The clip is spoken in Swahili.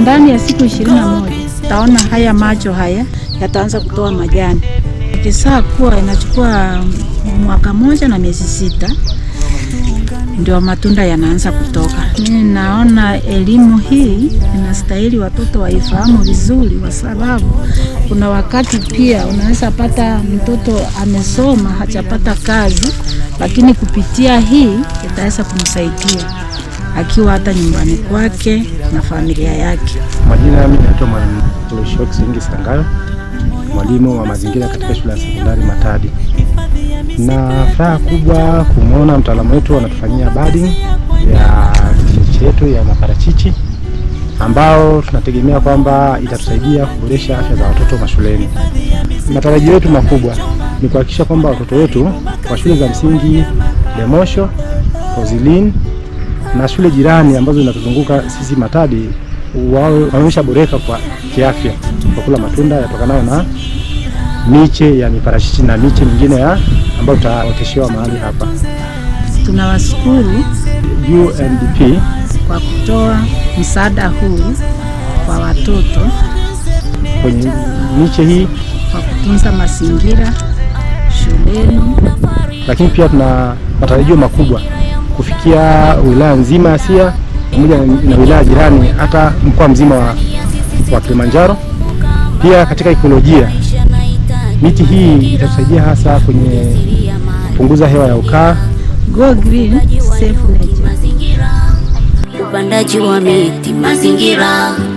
Ndani ya siku ishirini na moja taona haya macho haya yataanza kutoa majani. Ikisaa kuwa inachukua mwaka moja na miezi sita ndio matunda yanaanza kutoka. Mimi naona elimu hii inastahili watoto waifahamu vizuri, kwa sababu kuna wakati pia unaweza pata mtoto amesoma hajapata kazi, lakini kupitia hii itaweza kumsaidia akiwa hata nyumbani kwake na familia yake. Majina yami naitwa Mwalimu Lushock Singi mwalimu wa mazingira katika shule ya sekondari Matadi, na furaha kubwa kumwona mtaalamu wetu anatufanyia budding ya miche yetu ya maparachichi ambao tunategemea kwamba itatusaidia kuboresha afya za watoto mashuleni. Matarajio yetu makubwa ni kuhakikisha kwamba watoto wetu wa shule za msingi Lemosho, Ozilin na shule jirani ambazo zinatuzunguka sisi Matadi wamesha boreka kwa kiafya kwa kula matunda yatokanayo na miche ya miparachichi na miche mingine ya ambayo tutaoteshewa mahali hapa. Tunawashukuru UNDP kwa kutoa msaada huu kwa watoto kwenye miche hii kwa kutunza mazingira shuleni, lakini pia tuna matarajio makubwa kufikia wilaya nzima ya Siha pamoja na wilaya jirani hata mkoa mzima wa, wa Kilimanjaro. Pia katika ekolojia, miti hii itatusaidia hasa kwenye kupunguza hewa ya ukaa. Go green safe nature, upandaji wa miti mazingira